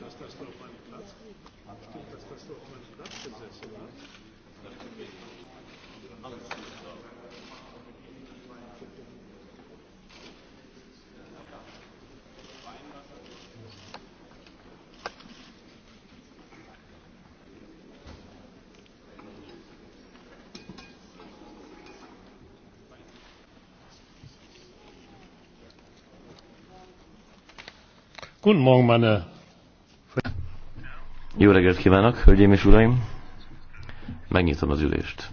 dass das noch guten morgen meine jó reggelt kívánok, hölgyeim és uraim! Megnyitom az ülést.